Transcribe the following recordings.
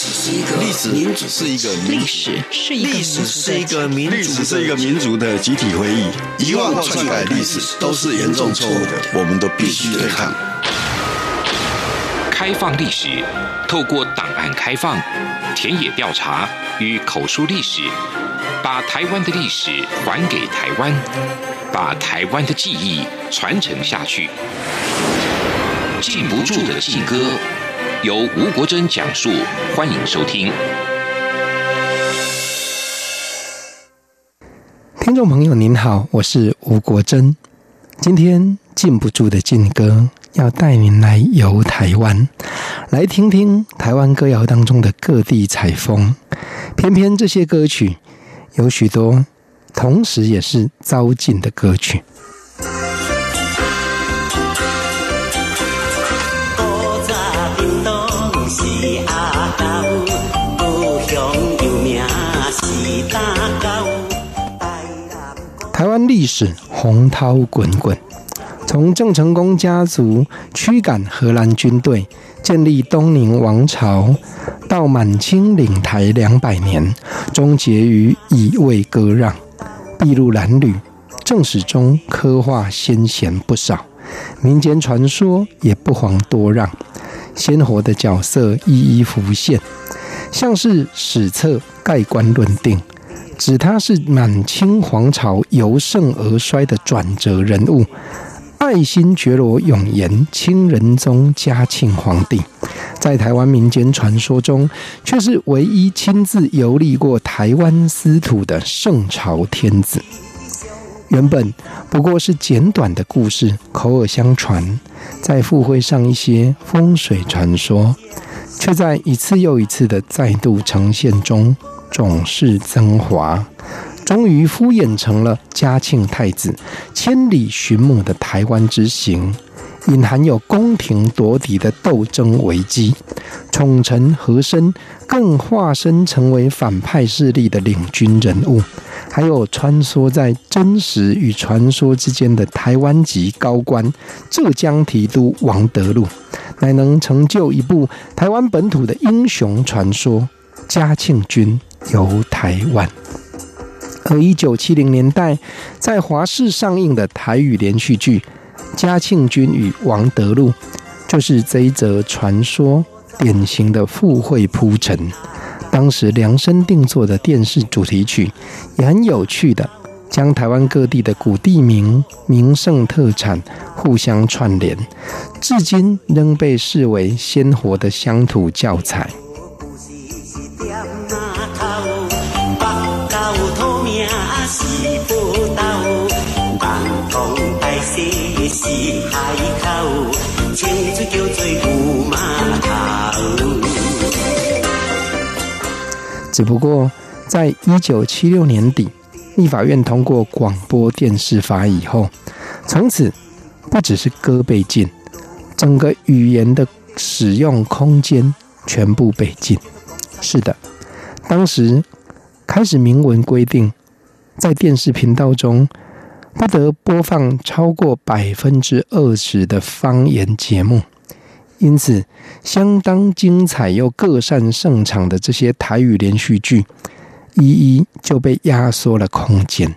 歷史是一個歷史是一個歷史,史是一個民族的史是一個民族的集體回憶，萬忘篡改歷史都是嚴重錯誤的，我們都必須得看開放歷史，透過檔案開放、田野調查與口述歷史，把台灣的歷史還給台灣，把台灣的記憶傳承下去。禁不住的禁歌。由吳國珍講述，歡迎收聽。聽眾朋友您好，我是吳國珍。今天禁不住的禁歌，要帶您來遊台灣，來聽聽台灣歌謠當中的各地采風。偏偏這些歌曲有許多，同時也是遭禁的歌曲。歷史洪濤滾滾，從鄭成功家族驅趕荷蘭軍隊，建立東寧王朝，到滿清領台兩百年，終結於乙未割讓，篳路藍縷。正史中刻畫先賢不少，民間傳說也不遑多讓，鮮活的角色一一浮現，像是史冊蓋棺論定。指他是滿清皇朝由盛而衰的轉折人物，愛新覺羅顒琰，清仁宗嘉慶皇帝，在台灣民間傳說中卻是唯一親自遊歷過台灣斯土的聖朝天子。原本不過是簡短的故事，口耳相傳，在附會上一些風水傳說，卻在一次又一次的再度呈現中。總是增華，終於敷衍成了嘉慶太子千里尋母的台灣之行，隱含有宮廷奪嫡的鬥爭危機。寵臣和珅更化身成為反派勢力的領軍人物，還有穿梭在真實與傳說之間的台灣籍高官浙江提督王德祿，乃能成就一部台灣本土的英雄傳說《嘉慶君》。由台灣，而一九七零年代在華視上映的台語連續劇《嘉慶君與王德祿》，就是這一則傳說典型的附會鋪陳。當時量身定做的電視主題曲也很有趣的將台灣各地的古地名、名勝特產互相串聯，至今仍被視為鮮活的鄉土教材。只不過，在一九七六年底，立法院通過廣播電視法以後，從此不只是歌被禁，整個語言的使用空間全部被禁。是的，當時開始明文規定，在電視頻道中，不得播放超過百分之二十的方言節目，因此相當精彩又各擅勝場的這些台語連續劇，一一就被壓縮了空間。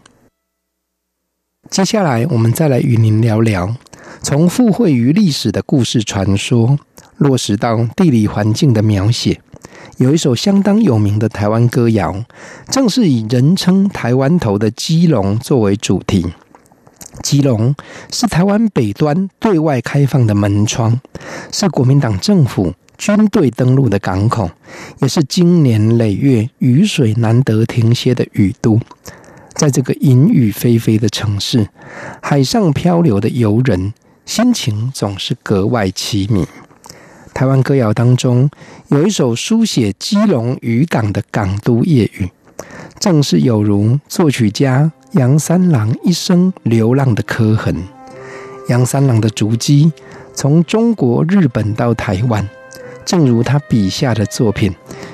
接下來，我們再來與您聊聊，從附會於歷史的故事傳說，落實到地理環境的描寫。有一首相當有名的台灣歌謠，正是以人稱“台灣頭”的基隆作為主題。基隆是台灣北端對外開放的門窗，是國民黨政府軍隊登陸的港口，也是經年累月雨水難得停歇的雨都。在這個淫雨霏霏的城市，海上漂流的遊人，心情總是格外淒迷。台灣歌謠當中有一首書寫基隆漁港的《港都夜雨》，正是有如作曲家楊三郎一生流浪的刻痕。楊三郎的足跡從中國、日本到台灣，正如他筆下的作品，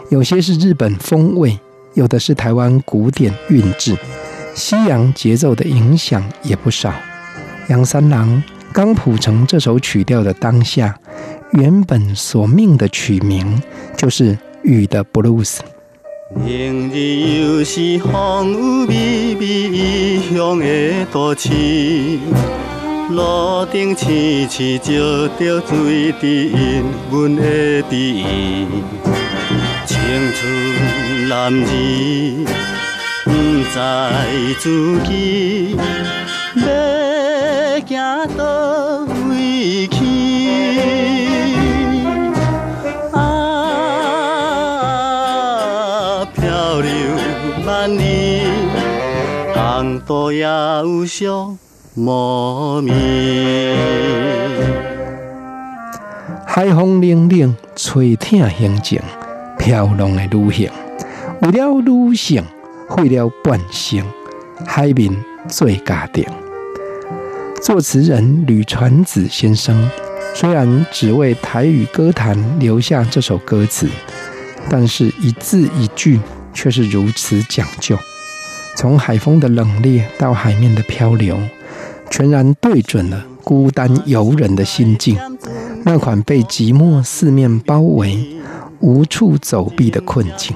有些是日本風味，有的是台灣古典韻致，西洋節奏的影響也不少。楊三郎。剛譜成這首曲調的當下，原本所命的曲名就是《雨的布魯斯》。明日風雨美美的。路凌凌行倒回去，啊，漂流萬里，東渡也無休無眠。海風凜凜，吹痛心情，飄浪的女性，為了女性，廢了半生，海面做家庭。作詞人呂傳子先生，雖然只為台語歌壇留下這首歌詞，但是一字一句卻是如此講究。從海風的冷冽，到海面的漂流，全然對準了孤單遊人的心境，那款被寂寞四面包圍、無處走避的困境。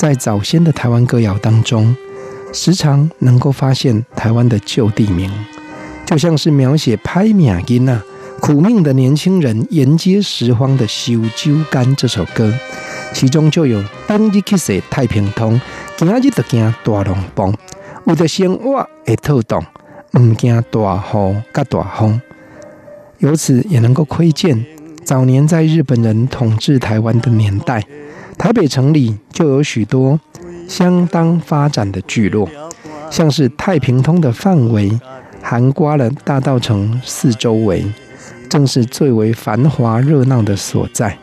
在早先的台灣歌謠當中，時常能夠發現台灣的舊地名，就像是描寫歹命囡仔苦命的年輕人沿街拾荒的《燒酒矸》這首歌，其中就有當日去色太平通，今日得見大龍峒，有的生活也透凍，唔驚大雨甲大風。由此也能夠窺見早年在日本人統治台灣的年代。台北城裡就有許多相當發展的聚落，像是太平通的範圍，涵蓋了大道城四周圍，正是最為繁華熱鬧的所在。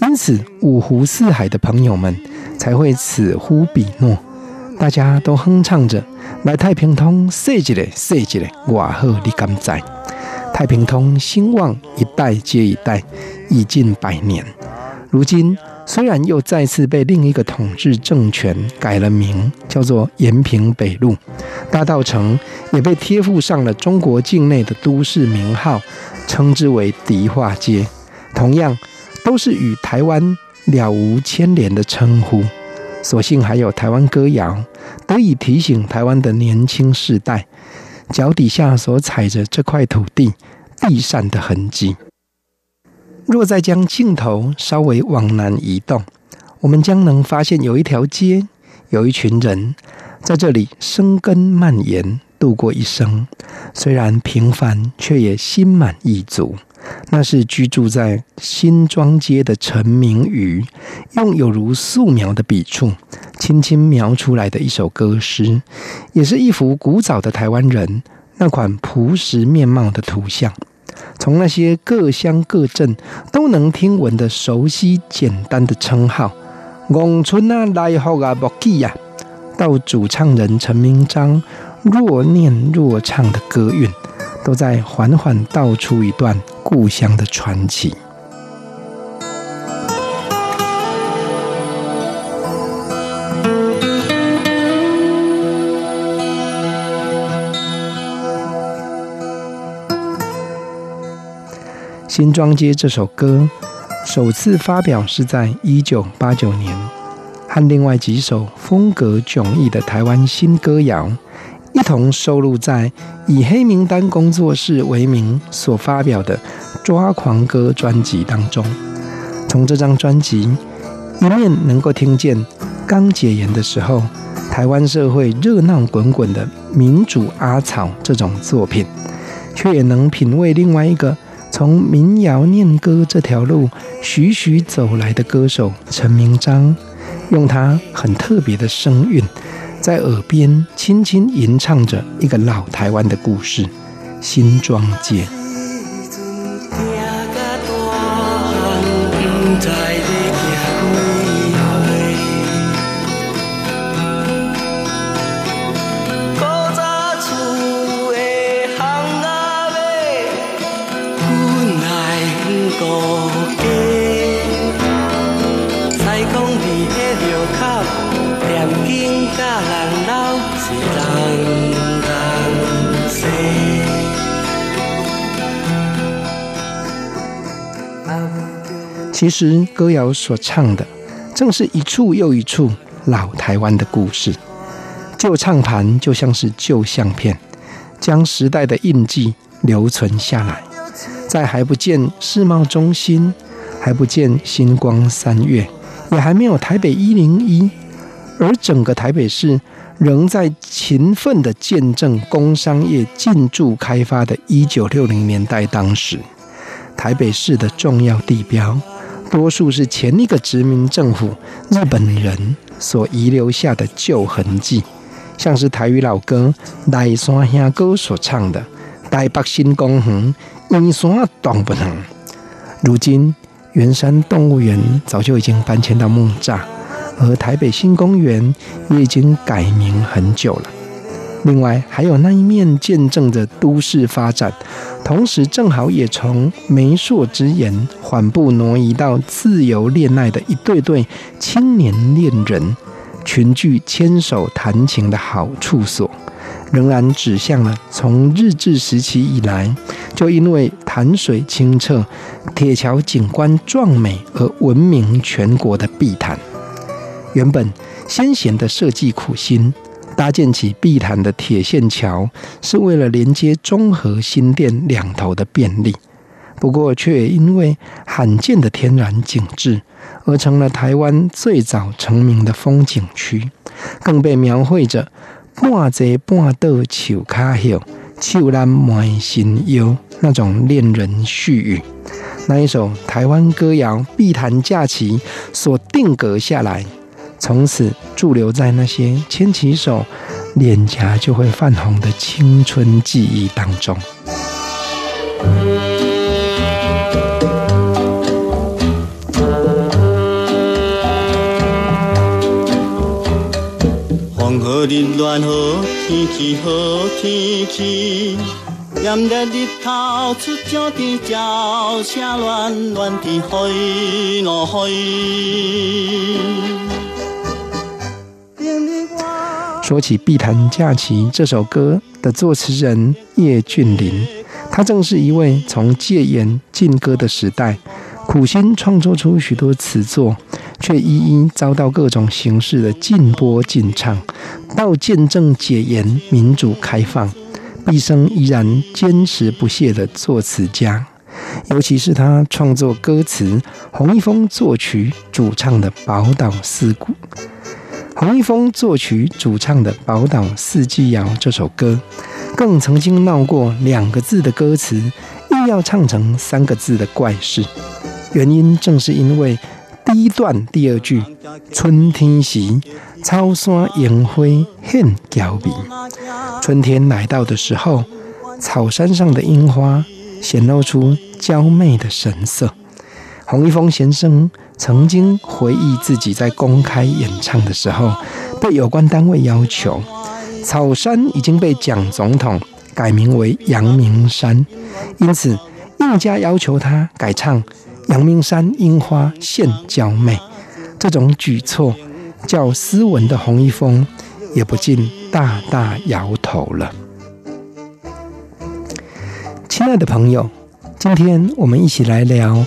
因此，五湖四海的朋友們才會此呼彼諾，大家都哼唱着來太平通，小一嘞，小一嘞，哇好你甘在！太平通興旺一代接一代，已近百年，如今。雖然又再次被另一個統治政權改了名，叫做延平北路，大稻埕也被貼附上了中國境內的都市名號，稱之為迪化街。同樣，都是與台灣了無牽連的稱呼。所幸還有台灣歌謠得以提醒台灣的年輕世代，腳底下所踩着這塊土地地上的痕跡。若再將鏡頭稍微往南移動，我們將能發現有一條街，有一群人在這裡生根蔓延，度過一生。雖然平凡，卻也心滿意足。那是居住在新莊街的陳明瑜，用有如素描的筆觸，輕輕描出來的一首歌詩，也是一幅古早的台灣人那款樸實面貌的圖像。從那些各鄉各鎮都能聽聞的熟悉簡單的稱號，農村啊、來後啊、木記呀，到主唱人陳明章若念若唱的歌韻，都在緩緩道出一段故鄉的傳奇。《新莊街》這首歌首次發表是在一九八九年，和另外幾首風格迥異的台灣新歌謠一同收錄在以黑名單工作室為名所發表的《抓狂歌》專輯當中。從這張專輯一面能夠聽見剛解嚴的時候台灣社會熱鬧滾滾的民主阿草這種作品，卻也能品味另外一個。從民謠念歌這條路徐徐走來的歌手陳明章，用他很特別的聲韻，在耳邊輕輕吟唱着一個老台灣的故事——新莊街。其實，歌謠所唱的，正是一處又一處老台灣的故事。舊唱盤就像是舊相片，將時代的印記留存下來。但還不見世貿中心，還不見星光三月，也還沒有台北一零一，而整個台北市仍在勤奮的見證工商業進駐開發的一九六零年代，當時台北市的重要地標，多數是前一個殖民政府日本人所遺留下的舊痕跡，像是台語老歌《內山兄哥》所唱的《臺北新公園》。你說懂不懂？如今圓山動物園早就已經搬遷到木柵，而台北新公園也已經改名很久了。另外，還有那一面見證着都市發展，同時正好也從媒妁之言緩步挪移到自由戀愛的一對對青年戀人。群聚牽手談情的好處所，仍然指向了從日治時期以來就因為潭水清澈、鐵橋景觀壯美而聞名全國的碧潭。原本先賢的設計苦心，搭建起碧潭的鐵線橋，是為了連接中和、新店兩頭的便利。不過，卻因為罕見的天然景致，而成了台灣最早成名的風景區，更被描繪着“半在半島球卡後，秋蘭滿心憂”那種戀人絮語，那一首台灣歌謠碧潭假期所定格下來，從此駐留在那些牽起手臉頰就會泛紅的青春記憶當中。說起《碧潭架橋》這首歌的作詞人葉俊麟，他正是一位從戒嚴禁歌的時代，苦心創作出許多詞作，卻一一遭到各種形式的禁播禁唱，到見證解嚴、民主開放，畢生依然堅持不懈的作詞家，尤其是他創作歌詞、洪一峰作曲主唱的《寶島四股》，洪一峰作曲主唱的《寶島四季謠》這首歌，更曾經鬧過兩個字的歌詞，硬要唱成三個字的怪事，原因正是因為。第一段第二句：春天時，草山櫻花很嬌美。春天來到的時候，草山上的櫻花顯露出嬌媚的神色。洪一峰先生曾經回憶自己在公開演唱的時候，被有關單位要求，草山已經被蔣總統改名為陽明山，因此硬加要求他改唱。陽明山櫻花現嬌媚，這種舉措叫斯文的洪一峰也不禁大大搖頭了。親愛的朋友，今天我們一起來聊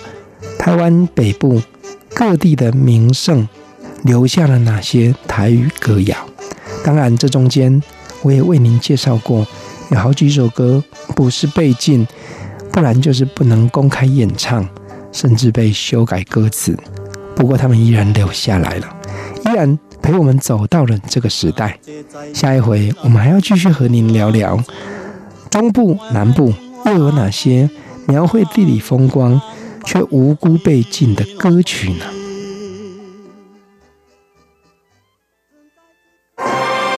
台灣北部各地的名勝留下了哪些台語歌謠。當然，這中間我也為您介紹過，有好幾首歌不是被禁，不然就是不能公開演唱。甚至被修改歌詞，不過他們依然留下來了，依然陪我們走到了這個時代。下一回我們還要繼續和您聊聊，中部、南部又有哪些描繪地理風光卻無辜被禁的歌曲呢？